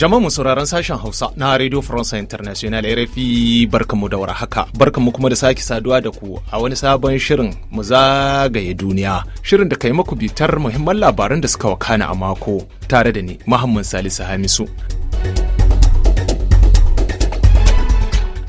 Jama'a sauraron sashen Hausa na Radio France International RFI barkanmu da warhaka. Barkanmu kuma da sake saduwa da ku a wani sabon shirin mu zagaye duniya. Shirin da kai maku bitar muhimman labaran da suka wakana a mako tare da ni Muhammad Salisu Hamisu.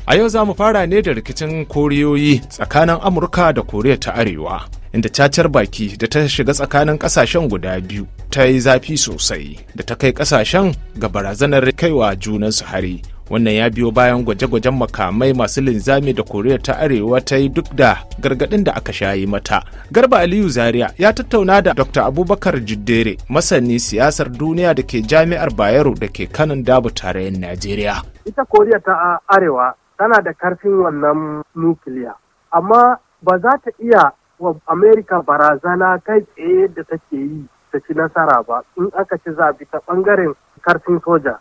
A yau za mu fara ne da rikicin koriyoyi tsakanin Amurka da Koriya ta Arewa. inda cacar baki da ta shiga tsakanin kasashen guda biyu ta yi zafi sosai da ta kai kasashen ga barazanar kaiwa junansu hari wannan ya biyo bayan gwaje-gwajen makamai masu linzami da koriya ta arewa ta yi duk da gargadin da aka shayi mata garba aliyu zaria ya tattauna da dr abubakar jiddere masani siyasar duniya da ke jami'ar bayero da ke kanan dabu tarayyar najeriya ita koriya ta arewa tana da karfin wannan nukiliya amma ba za ta iya wa amerika barazana kai tsaye da take yi ta ci nasara ba in aka ci zabi ta bangaren karfin soja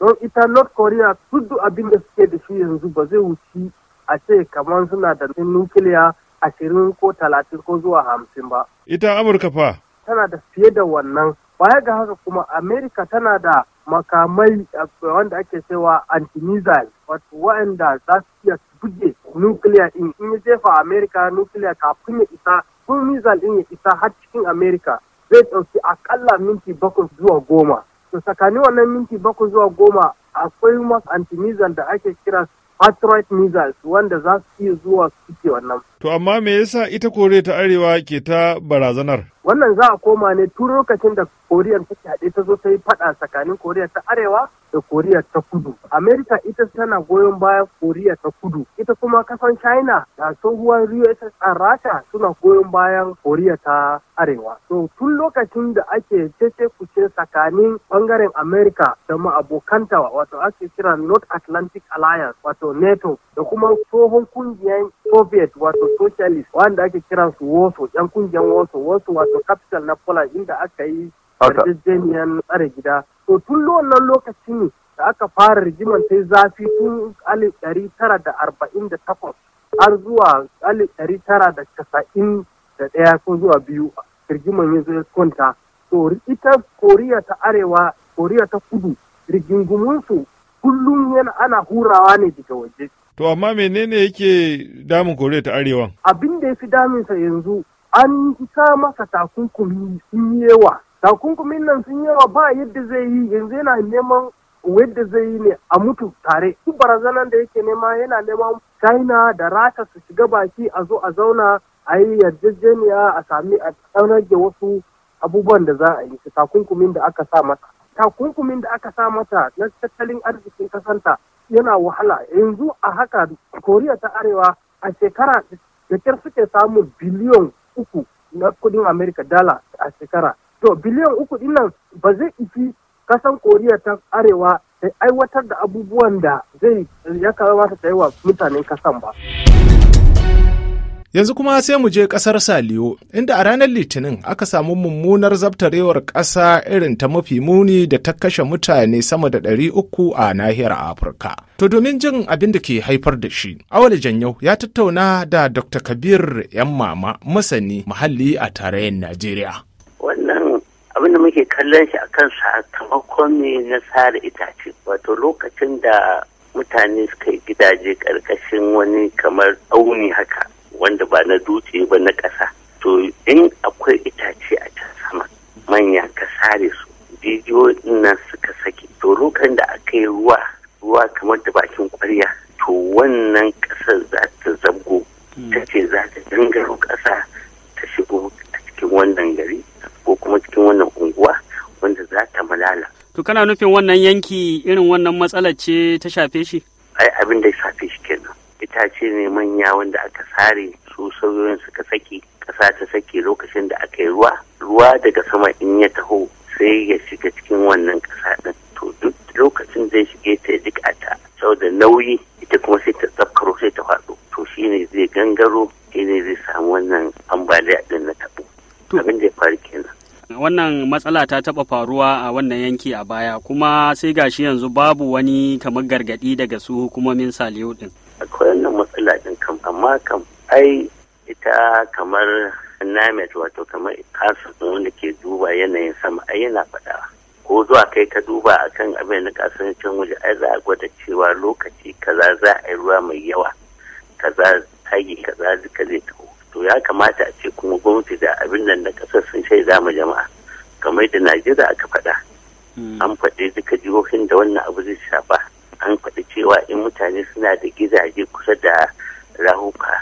don ita north korea tudu abin da suke da shi yanzu ba zai wuci a ce kamar suna da nukiliya ashirin ko talatin ko zuwa hamsin ba ita amurka fa tana da fiye da wannan baya ga haka kuma amerika tana da makamai eh, wanda ake cewa antimissile wato wa'anda za su iya buge nukiliya din in ya jefa amerika nukiliya kafin ya isa kun missile din ya isa har cikin amerika zai ɗauki akalla minti bakwai zuwa goma to tsakanin wannan minti bakwai zuwa goma akwai mas antimissile da ake kira Patriot missiles wanda za su iya zuwa suke wannan. To amma me yasa ita kore ta arewa ke ta barazanar? wannan za a koma ne tun lokacin da koriya ta haɗe ta zo ta yi faɗa tsakanin koriya ta arewa da koriya ta kudu amerika ita tana goyon bayan koriya ta kudu ita kuma kasan china da tsohuwar ussr rasha suna goyon bayan koriya ta arewa so tun lokacin da ake cece kuce tsakanin bangaren amerika da ma'abokanta wato ake kira north atlantic alliance wato nato da kuma tsohon kungiyar soviet wato socialist wanda ake kiransu wasu yan kungiyar wasu wasu wato wato capital na Poland inda aka yi yarjejeniyar tsare gida. To tun wannan lokaci ne da aka fara rigimar ta zafi tun alif ɗari tara da arba'in da takwas har zuwa alif ɗari tara da casa'in da ɗaya ko zuwa biyu rigimar ya zo kwanta. To ita Koriya ta Arewa, Koriya ta Kudu, rigingumunsu kullum yana ana hurawa ne daga waje. To amma menene yake damun Koriya ta Arewa? Abin da ya fi damunsa yanzu an sa masa takunkumi sun yi yawa takunkumin nan sun yawa ba yadda zai yi yanzu yana neman wadda zai yi ne a mutu tare su barazanan da yake nema yana neman china da rasha su shiga baki a zo a zauna a yi yarjejeniya a sami a ɗan wasu abubuwan da za a yi su takunkumin da aka sa mata takunkumin da aka sa mata na tattalin arzikin kasanta yana wahala yanzu a haka koriya ta arewa a shekara da suke samun biliyon uku na kudin amerika dala a shekara to biliyan uku dinnan ba zai ifi kasan koriya ta arewa sai aiwatar da abubuwan da zai ya kamata ta yi wa mutanen kasan ba. Yanzu kuma sai mu je kasar Saliyo, inda a ranar Litinin aka samu mummunar zabtarewar ƙasa irin ta mafi muni da ta kashe mutane sama da ɗari uku a nahiyar Afirka. To domin jin abin da ke haifar da shi, Awali Janyau ya tattauna da Dr. Kabir ‘yan mama masani muhalli a tarayyar Najeriya. Wannan abin da muke kallon shi a kan sakamakon ne na sare itace, wato lokacin da mutane suka yi gidaje ƙarƙashin wani kamar auni haka. wanda ba na dutse ba na ƙasa to in akwai itace a can sama manya ka sare su bidiyo nan suka sake to lokacin da aka yi ruwa ruwa kamar da bakin kwarya to wannan ƙasar za ta zabgo hmm. ta ce za ta dangaro ƙasa ta shigo a cikin wannan gari ko kuma cikin wannan unguwa wanda za ta malala to kana nufin wannan yanki irin wannan matsala ce ta shafe shi ai abin da ya shafe shi kenan itace ne manya wanda aka sare su sauyoyin suka sake ƙasa ta saki lokacin da aka yi ruwa ruwa daga sama in ya taho sai ya shiga cikin wannan ƙasa ɗin to duk lokacin zai shige ta ya a ta saboda nauyi ita kuma sai ta tsakaro sai ta faɗo to shi ne zai gangaro ne zai samu wannan ambaliya ɗin na taɓo abin da ya faru kenan wannan matsala ta taɓa faruwa a wannan yanki a baya kuma sai gashi yanzu babu wani kamar gargaɗi daga su hukumomin saliyo ɗin amma kam ai ita kamar namet wato kamar kasa wanda ke duba yanayin sama ai yana faɗa ko zuwa kai ka duba akan abin na kasancin waje ai za a gwada cewa lokaci kaza za a yi ruwa mai yawa kaza tagi kaza duka zai taho to ya kamata a ce kuma gwamnati da abin nan da kasar sun shaida ma jama'a kamar da najeriya aka faɗa hmm. an faɗi duka jihohin da wannan abu zai shafa an faɗi cewa in mutane suna da gidaje kusa da rahuka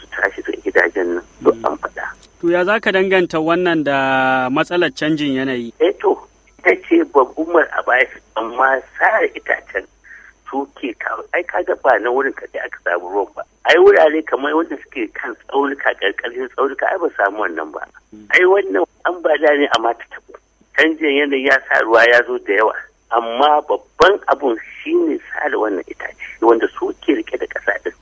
su tashi su gidajen nan duk mm. an faɗa. To ya za ka danganta wannan da matsalar canjin yanayi? Eh to, ita ce babban a baya amma sare itacen suke kawo ai kaga ba na wurin kaɗai aka samu ruwan ba ai wurare kamar wanda suke kan tsaunuka ƙarƙarshin tsaunuka ai ba samu wannan ba mm. ai wannan an ba ambaliya ne a ta tabo canjin yanayi ya sa ruwa ya zo da yawa amma babban abun shine sare wannan itace wanda suke rike da ƙasa din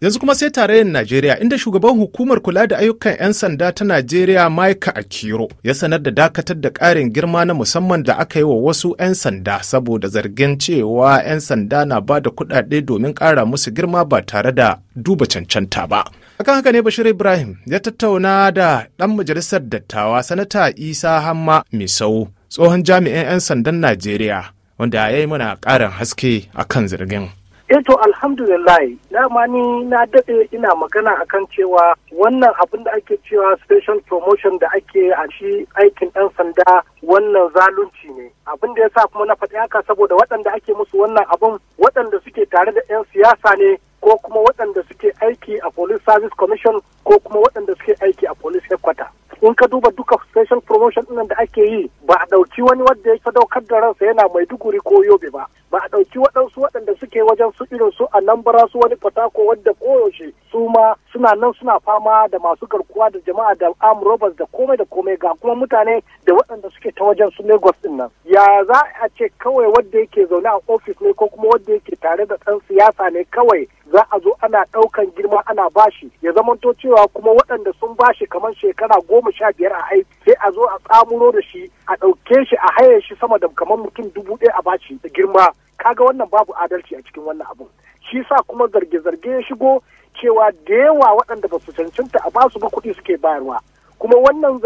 Yanzu kuma sai tarayyar Najeriya inda shugaban hukumar kula da ayyukan 'yan sanda ta Najeriya mike Akiro ya sanar da dakatar da karin girma na musamman da aka yi wa wasu 'yan sanda saboda zargin cewa 'yan sanda na ba da kuɗaɗe domin kara musu girma ba tare da duba cancanta ba. Akan haka ne Bashir Ibrahim ya tattauna da ɗan majalisar dattawa sanata Isa Hamma Misau tsohon jami'in 'yan sandan Najeriya wanda ya yi mana karin haske akan zargin. Eh to alhamdulillah ma ni na daɗe ina magana akan cewa wannan abin da ake cewa special promotion da ake a shi aikin ɗan sanda wannan zalunci ne. Abin da ya sa kuma na faɗi haka saboda waɗanda ake musu wannan abin waɗanda suke tare da 'yan siyasa ne ko kuma waɗanda suke aiki a police service commission ko kuma waɗanda suke aiki a police headquarter in ka duba duka special promotion ɗin da ake yi ba a ɗauki wani wanda ya sadaukar da ransa yana mai duguri ko yobe ba ba a ɗauki waɗansu waɗanda suke wajen su irin su a bara su wani fatako wadda koyaushe su ma suna nan suna fama da masu garkuwa da jama'a da am robbers da komai da komai ga kuma mutane da waɗanda suke ta wajen su lagos din nan ya za a ce kawai wadda yake zaune a ofis ne ko kuma wadda yake tare da ɗan siyasa ne kawai za a zo ana ɗaukan girma ana bashi ya zamanto cewa kuma waɗanda sun bashi kamar shekara goma sha biyar a aiki sai a zo a tsamuro da shi a ɗauke shi a haye shi sama da kamar mutum dubu ɗaya a bashi da girma kaga wannan babu adalci a cikin wannan abun shi sa kuma zarge-zarge ya shigo cewa da yawa waɗanda ba su cancanta a basu ba kuɗi suke bayarwa kuma wannan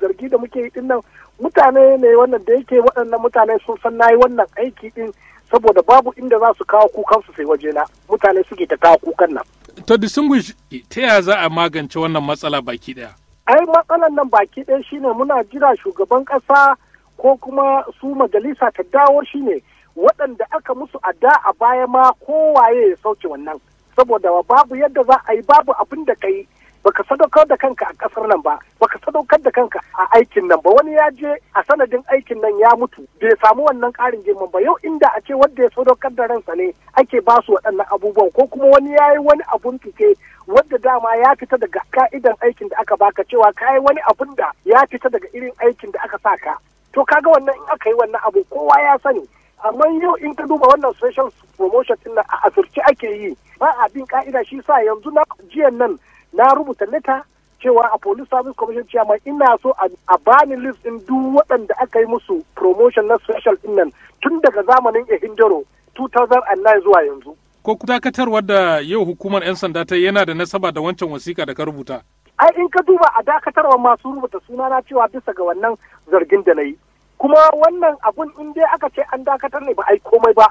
zargi da muke yi dinnan mutane ne wannan da yake waɗannan mutane sun san yi wannan aiki din saboda babu inda za su kawo kukan su sai wajena mutane suke ta kawo kukan nan. To distinguish ta yaya za a magance wannan matsala baki ɗaya? Ai matsalan nan baki ɗaya shine muna jira shugaban ƙasa ko kuma su majalisa ta dawo shine waɗanda aka musu a da a baya ma kowaye ya sauke wannan saboda babu yadda za a yi babu abin da ka yi baka sadaukar da kanka a ƙasar nan ba baka sadaukar da kanka a aikin nan ba wani ya je a sanadin aikin nan ya mutu bai samu wannan ƙarin girman ba yau inda a ce wanda ya sadaukar da ransa ne ake ba su waɗannan abubuwan ko kuma wani ya yi wani abun tuke wadda dama ya fita daga ka'idan aikin da aka baka cewa ka yi wani abun da ya fita daga irin aikin da aka sa ka to kaga wannan in aka yi wannan abu kowa ya sani amma yau in ka duba wannan social promotion din a asirce ake yi ba a bin ka'ida shi sa yanzu na jiyan nan na rubuta lita cewa a police service commission chairman ina so a bani list din duk waɗanda aka yi musu promotion na social din nan tun daga zamanin ehindaro 2009 zuwa yanzu ko dakatarwar da yau hukumar 'yan sanda ta yana da nasaba da wancan wasiƙa da ka rubuta ai in ka duba a dakatarwa masu rubuta sunana cewa bisa ga wannan zargin da na yi kuma wannan abun in dai aka ce an dakatar ne ba a yi komai ba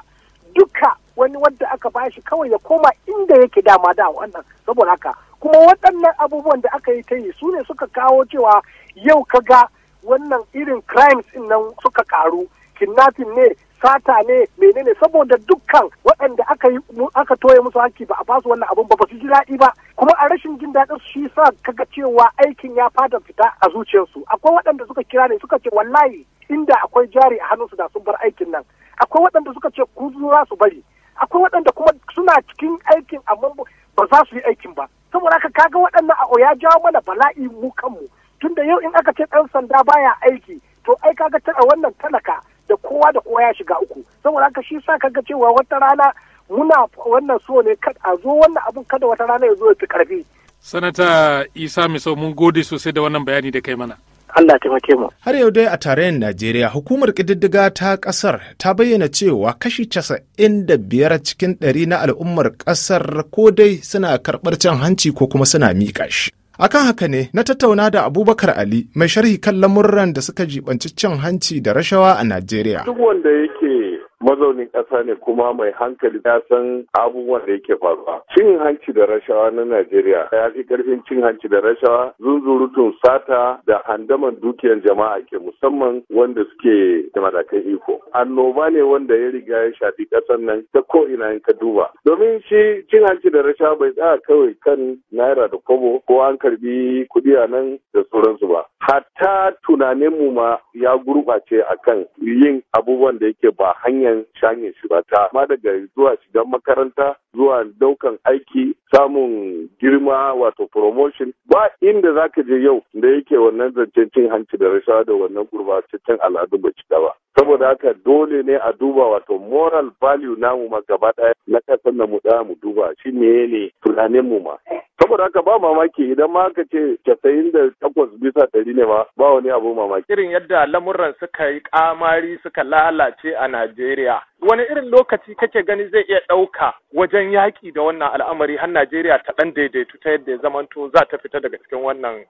duka wani wanda aka bashi kawai ya koma inda yake dama da wannan saboda haka kuma waɗannan abubuwan da aka yi ta yi su ne suka kawo cewa yau ka ga wannan irin crimes in nan suka karu kidnapping ne sata ne menene saboda dukkan waɗanda aka yi aka toye musu haki ba a basu wannan abun ba ba su ji daɗi ba kuma a rashin jin daɗin su shi sa kaga cewa aikin ya fada fita a zuciyarsu akwai waɗanda suka kira ne suka ce wallahi inda akwai jari a hannunsu da sun bar aikin nan akwai waɗanda suka ce ku za su bari akwai waɗanda kuma suna cikin aikin amma ba za su yi aikin ba saboda haka kaga waɗannan a ya jawo mana bala'i mu kanmu tunda yau in aka ce ɗan sanda baya aiki to ai kaga a wannan talaka da kowa da kowa ya shiga uku saboda haka shi sa kaga cewa wata rana muna wannan so ne a zo wannan abun kada wata rana ya zo ya fi karfi sanata isa miso mun gode sosai da wannan bayani da kai mana Allah taimake mu. Har yau dai a tarayyar Najeriya hukumar kididdiga ta ƙasar ta bayyana cewa kashi casa'in da biyar cikin ɗari na al'ummar ƙasar ko dai suna karɓar cin hanci ko kuma suna miƙa shi. akan haka ne na tattauna da abubakar ali mai sharhi kan lamurran da suka jibanci cin hanci da rashawa a najeriya duk wanda yake mazaunin ƙasa ne kuma mai hankali ya san abubuwan da yake faruwa. Cin hanci da rashawa na Najeriya ya fi ƙarfin cin hanci da rashawa zunzurutun sata da handaman dukiyar jama'a ke musamman wanda suke da matakan iko. Annoba ne wanda ya riga ya shafi ƙasar nan ta ko ina in ka duba. Domin shi cin hanci da rashawa bai tsaya kawai kan naira da kobo ko an karbi kuɗi a nan da sauransu ba. Hatta tunaninmu ma ya gurɓace akan yin abubuwan da yake ba hanya hanyar shanye shi ba ta amma daga zuwa shigan makaranta zuwa daukan aiki samun girma wato promotion ba inda za ka je yau da yake wannan zancen cin hanci da rashawa da wannan gurbataccen al'adu ba cika ba saboda haka dole ne a duba wato moral value namu ma gaba daya na kasan da mu mu duba shi ne ne tunanin mu ma saboda haka ba mamaki idan ma aka ce casa'in da takwas bisa ɗari ne ma ba wani abu mamaki. Irin yadda lamuran suka yi kamari suka lalace a Najeriya. Wani irin lokaci kake gani zai iya ɗauka wajen yaƙi da wannan al'amari har Najeriya ta ɗan daidaitu ta yadda ya zamanto za ta fita daga cikin wannan.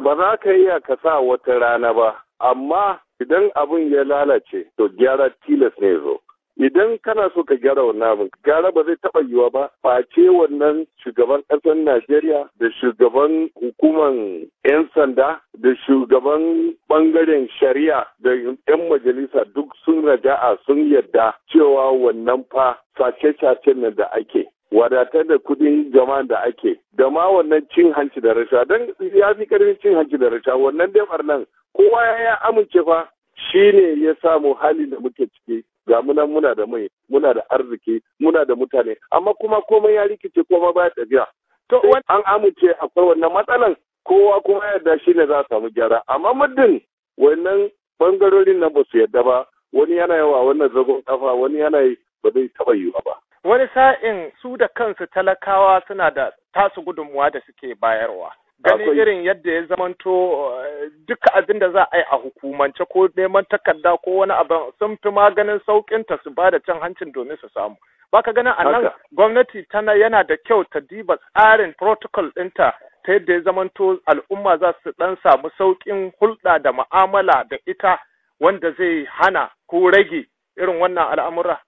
Ba za ka iya ka sa wata rana ba, amma idan abin ya lalace to gyara tilas ne zo. idan kana so ka gyara wannan abin gyara ba zai taba yiwa ba face wannan shugaban ƙasar najeriya da shugaban hukuman 'yan sanda da shugaban bangaren shari'a da 'yan majalisa duk sun raja'a sun yadda cewa wannan fa sace-sacen na da ake wadatar da kudin jama'a da ake da ma wannan cin hanci da rasha don ya fi karfin cin hanci da rasha wannan dai nan kowa ya amince fa shine ya samu halin da muke ciki ga muna muna da mai muna da arziki muna da mutane amma kuma komai ya rikice ba baya tafiya to eh. an amince akwai wannan matsalan kowa kuma yarda shi ne za a samu gyara amma muddin wannan bangarorin nan ba su yarda ba wani yana yawa wannan zagon kafa wani yana yi ba zai taɓa yiwa ba wani sa'in su da kansu talakawa suna da tasu gudunmuwa da suke bayarwa ganin irin yadda ya zamanto eh, duka abin da za a yi a hukumance ko neman takarda ko wani abin sun fi maganin saukin ta su ba da cin hancin domin su samu baka ganin anan gwamnati tana yana da kyau ta diba tsarin protocol ɗinta ta yadda ya zamanto al'umma za su ɗan samu sauƙin hulɗa da ma'amala da ita wanda zai hana ko rage irin wannan al'amura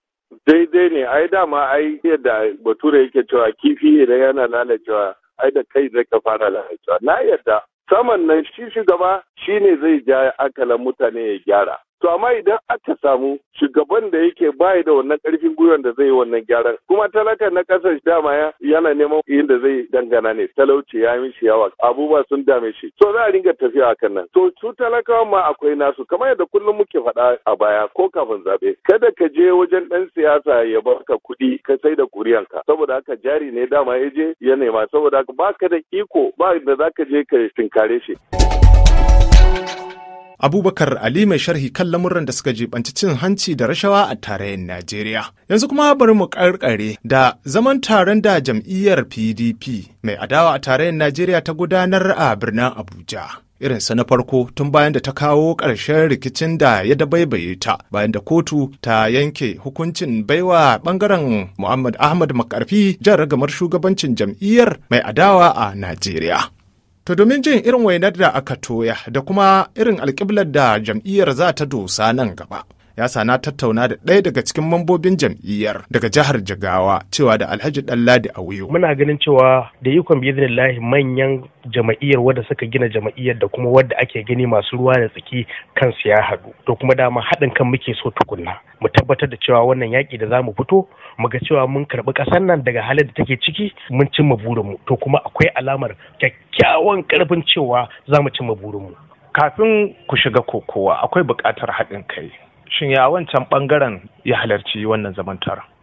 daidai ne ai dama ai yadda bature yake cewa kifi idan yana lalacewa ai da kai zai ka fara lalacewa na yadda saman nan shi shugaba shi ne zai ja akalan mutane ya gyara To amma idan aka samu shugaban da yake bayi da wannan karfin gwiwan da zai yi wannan gyaran kuma talaka na kasar dama yana neman yin da zai dangana ne talauci ya mishi yawa abubuwa sun dame shi to za a ringa tafiya akan nan to su talakawan ma akwai nasu kamar yadda kullum muke faɗa a baya ko kafin zabe kada ka je wajen ɗan siyasa ya baka kuɗi ka sai da kuriyanka saboda haka jari ne dama ya je ya nema saboda haka ba ka da iko ba da za ka je ka tinkare shi. Abubakar Ali mai sharhi kan lamuran da suka jibanci cin hanci da rashawa a tarayyar Najeriya. Yanzu kuma bari mu karkare da zaman taron da jam'iyyar PDP mai adawa a tarayyar Najeriya ta gudanar a birnin Abuja. irinsa na farko tun bayan da ta kawo ƙarshen rikicin da ya dabaibaye ta bayan da kotu ta yanke hukuncin baiwa ɓangaren muhammad ahmad makarfi jan ragamar shugabancin jam'iyyar mai adawa a najeriya To domin jin irin wainar da aka toya da kuma irin alƙiblar da jam'iyyar za ta dosa nan gaba. ya na tattauna da ɗaya daga cikin mambobin jam'iyyar daga jihar jagawa cewa da Alhaji Ɗanladi wuyo. Muna ganin cewa da ikon biznillahi manyan jama'iyyar wadda suka gina jama'iyyar da kuma wadda ake gani masu ruwa da tsaki kansu ya haɗu to kuma dama haɗin kan muke so tukunna mu tabbatar da cewa wannan yaƙi da za mu fito mu ga cewa mun karɓi ƙasar nan daga halin da take ciki mun cimma burinmu to kuma akwai alamar kyakkyawan ƙarfin cewa za mu cimma burinmu kafin ku shiga kokowa akwai buƙatar haɗin kai shin ya wancan bangaren ya halarci wannan zaman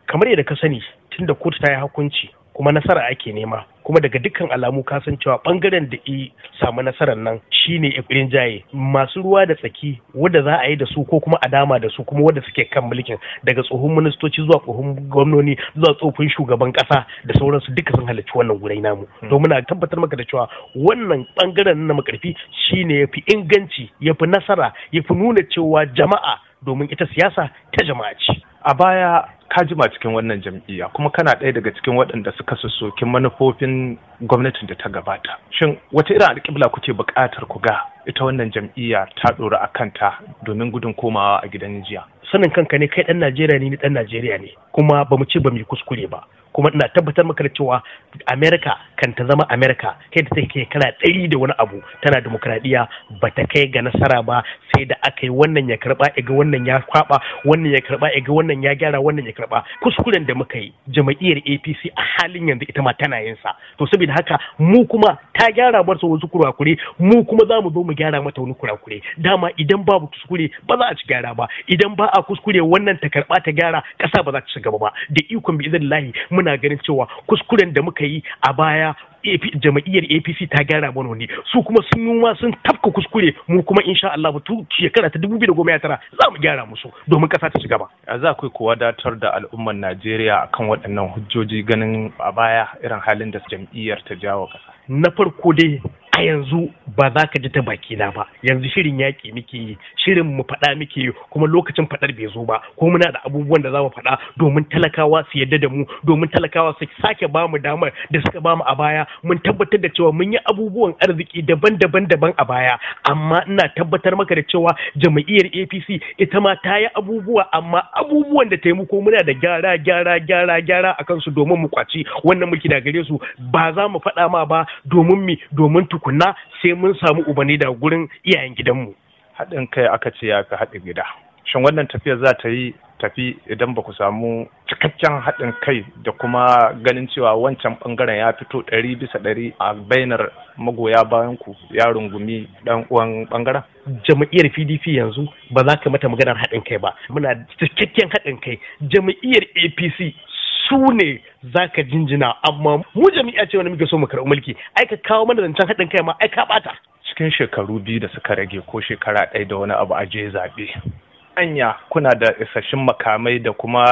kamar yadda ka sani tunda kotu ta yi hukunci kuma nasara ake nema kuma daga dukkan alamu ka san cewa bangaren da i samu nasarar nan shine ikirin jaye masu ruwa da tsaki wadda za a yi da su ko kuma a dama da su kuma wadda suke kan mulkin daga tsohon ministoci zuwa tsohon gwamnoni zuwa tsofin shugaban kasa da sauransu duka sun halarci wannan gurai namu hmm. don muna tabbatar maka da cewa wannan bangaren na makarfi shine yafi inganci yafi nasara yafi nuna cewa jama'a domin ita siyasa ta jama'a ce a baya ka jima cikin wannan jam'iyya kuma kana ɗaya daga cikin waɗanda suka sassokin manufofin gwamnatin da ta gabata shin wata irin alƙibla kuke buƙatar ku ga ita wannan jam'iyya ta ɗora a kanta domin gudun komawa a gidan jiya sanin kanka ne kai ɗan najeriya ne ni ɗan najeriya ne kuma ba mu ce ba mu yi kuskure ba kuma ina tabbatar maka da cewa amerika kan ta zama amerika kai da take kana ɗari da wani abu tana demokradiyya ba ta kai ga nasara ba sai da aka yi wannan ya karba ga wannan ya kwaba wannan ya karba ga wannan ya gyara wannan ya karba kuskuren da muka yi jama'iyyar apc a halin yanzu ita ma tana yin sa to saboda haka mu kuma ta gyara barsa wasu kurakure mu kuma za mu zo mu gyara mata wani kurakure dama idan babu kuskure ba za a ci gyara ba idan ba a kuskure wannan ta karba ta gyara ƙasa ba za ta ci gaba ba da ikon bi idan lahi muna ganin cewa kuskuren da muka yi a baya jama'iyyar apc ta gyara mana wani su kuma sun yi ma sun tafka kuskure mu kuma insha Allah tu shekara ta 2019 za mu gyara musu domin kasa ta ci gaba a za ku kuwa datar da al'ummar Najeriya akan waɗannan hujjoji ganin a baya irin halin da jam'iyyar ta jawo kasa na farko dai a yanzu ba za ka ji ta baki na ba yanzu shirin yaƙi muke yi shirin mu faɗa muke yi kuma lokacin faɗar bai zo ba ko muna da abubuwan da za mu faɗa domin talakawa su yadda da mu domin talakawa su sake ba mu damar da suka ba mu a baya mun tabbatar da cewa mun yi abubuwan arziki daban-daban daban a baya amma ina tabbatar maka da cewa jama'iyyar APC ita ma ta yi abubuwa amma abubuwan da taimako muna da gyara gyara gyara gyara a kansu domin mu kwaci wannan mulki da gare su ba za mu faɗa ma ba domin mi domin tukunna sai mun samu ubani da gurin iyayen gidanmu haɗin kai aka ce ya fi haɗin gida shin wannan tafiyar za ta yi tafi idan ba ku samu cikakken haɗin kai da kuma ganin cewa wancan ɓangaren ya fito ɗari bisa ɗari a bainar magoya bayan ku ya rungumi ɗan uwan ɓangaren? jam'iyyar pdp yanzu ba za ka mata maganar haɗin kai ba muna cikakken haɗin kai jam'iyyar apc su ne za ka jinjina amma mu jami'a ce wani muke so mu karɓi mulki ai ka kawo mana zancen haɗin kai ma ai ka ɓata. cikin shekaru biyu da suka rage ko shekara ɗaya da wani abu a je zaɓe anya kuna da isasshen makamai da kuma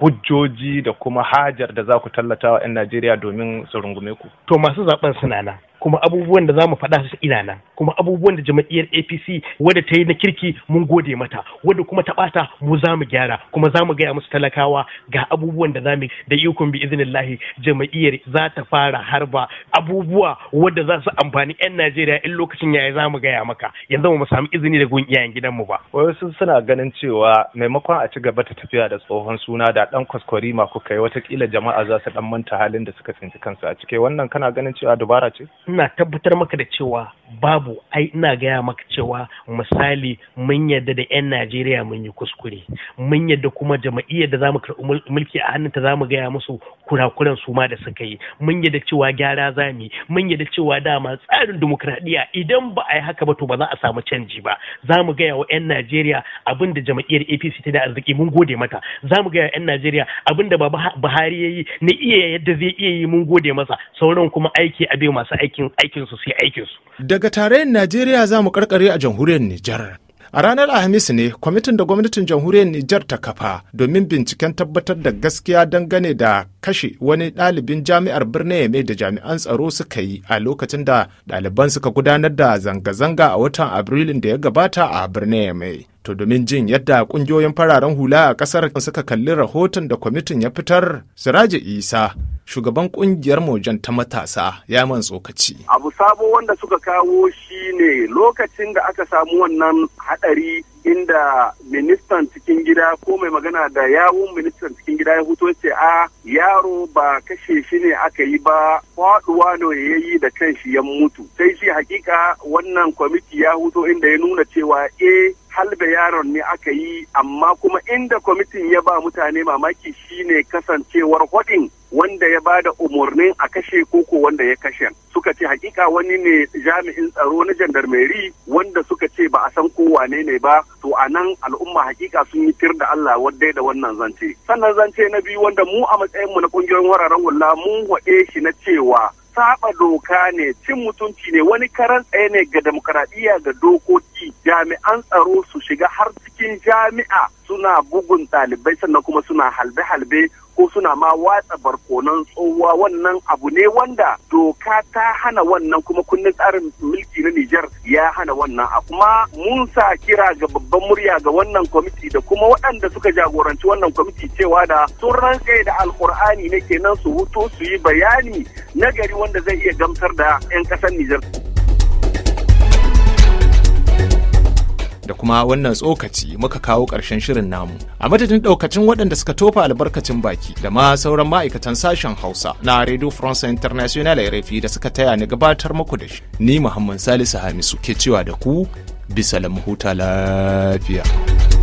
hujjoji da kuma hajar da za ku tallata wa 'yan Najeriya domin su rungume ku? To masu zaben suna nan. kuma abubuwan da za mu faɗa su ina nan kuma abubuwan da jama'iyyar apc wadda ta yi na kirki mun gode mata wadda kuma ta ɓata mu za mu gyara kuma za mu gaya musu talakawa ga abubuwan da za mu da ikon bi iznillahi jama'iyyar za ta fara harba abubuwa wadda za su amfani 'yan najeriya in lokacin yaya za mu gaya maka yanzu mu samu izini da gun iyayen mu ba wasu suna ganin cewa maimakon a ci gaba ta tafiya da tsohon suna da dan kwaskwarima kuka yi watakila jama'a za su dan manta halin da suka tsinci kansu a cike wannan kana ganin cewa dubara ce ina tabbatar maka da cewa babu ai ina gaya maka cewa misali mun yadda da 'yan najeriya mun yi kuskure mun yadda kuma jama'iyyar da zamu karɓi mulki a hannunta zamu gaya musu kurakuran su ma da suka yi mun yadda cewa gyara zami mun yadda cewa dama tsarin dimokuraɗiyya idan ba a yi haka ba to ba za a samu canji ba zamu gaya wa 'yan najeriya abin da jama'iyyar apc ta da arziki mun gode mata zamu gaya wa 'yan najeriya abin da buhari ya yi na iya yadda zai iya yi mun gode masa sauran kuma aiki a bai masu aikin yin aikin su aikin su. Daga tarayyar Najeriya za mu karkare a jamhuriyar Nijar. A ranar Alhamis ne kwamitin da gwamnatin jamhuriyar Nijar ta kafa domin binciken tabbatar da gaskiya dangane da kashe wani ɗalibin jami'ar birnin Yame da jami'an tsaro suka yi a lokacin da ɗaliban suka gudanar da zanga-zanga a watan Abrilun da ya gabata a birnin Yame. To domin jin yadda kungiyoyin fararen hula a kasar suka kalli rahoton da kwamitin ya fitar, Siraji Isa, shugaban kungiyar Mojan ta matasa, ya man tsokaci. Abu sabo wanda suka kawo shi ne lokacin da aka samu wannan hadari inda ministan cikin gida ko mai magana da yawun ministan cikin gida ya huto ce a yaro ba kashe shi ne aka yi ba faduwa ne ya yi da kanshi ya mutu sai shi hakika wannan kwamiti ya huto inda ya nuna cewa eh halbe yaron ne aka yi amma kuma inda kwamitin ya ba mutane mamaki shine kasancewar hodin wanda ya ba da umarnin a kashe koko wanda ya kashe suka ce hakika wani ne jami'in tsaro na jandarmeri wanda suka ce ba a san ko wane ne ba to a nan al'umma hakika sun yi tir da Allah wadda da wannan zance sannan zance na biyu wanda mu a matsayin mu na kungiyoyin wararen hula mun waɗe shi na cewa saba doka ne cin mutunci ne wani karan tsaye ne ga demokaradiyya ga dokoki jami'an tsaro su shiga har cikin jami'a suna bugun ɗalibai sannan kuma suna halbe-halbe ko suna ma watsa barkonan tsohuwa wannan abu ne wanda doka ta hana wannan kuma kundin tsarin mulki na Nijar ya hana wannan a kuma mun sa kira ga babban murya ga wannan kwamiti da kuma waɗanda suka jagoranci wannan kwamiti cewa da sun rantse da alkur'ani ne kenan su hutu su yi bayani na gari wanda zai iya gamsar da 'yan ƙasar Nijar. da kuma wannan tsokaci muka kawo ƙarshen shirin namu a madadin ɗaukacin waɗanda suka tofa albarkacin baki da ma sauran ma'aikatan sashen hausa na radio france international rfi da suka taya ni gabatar muku da shi ni muhammad salisu hamisu ke cewa da ku bisa lamuhuta lafiya.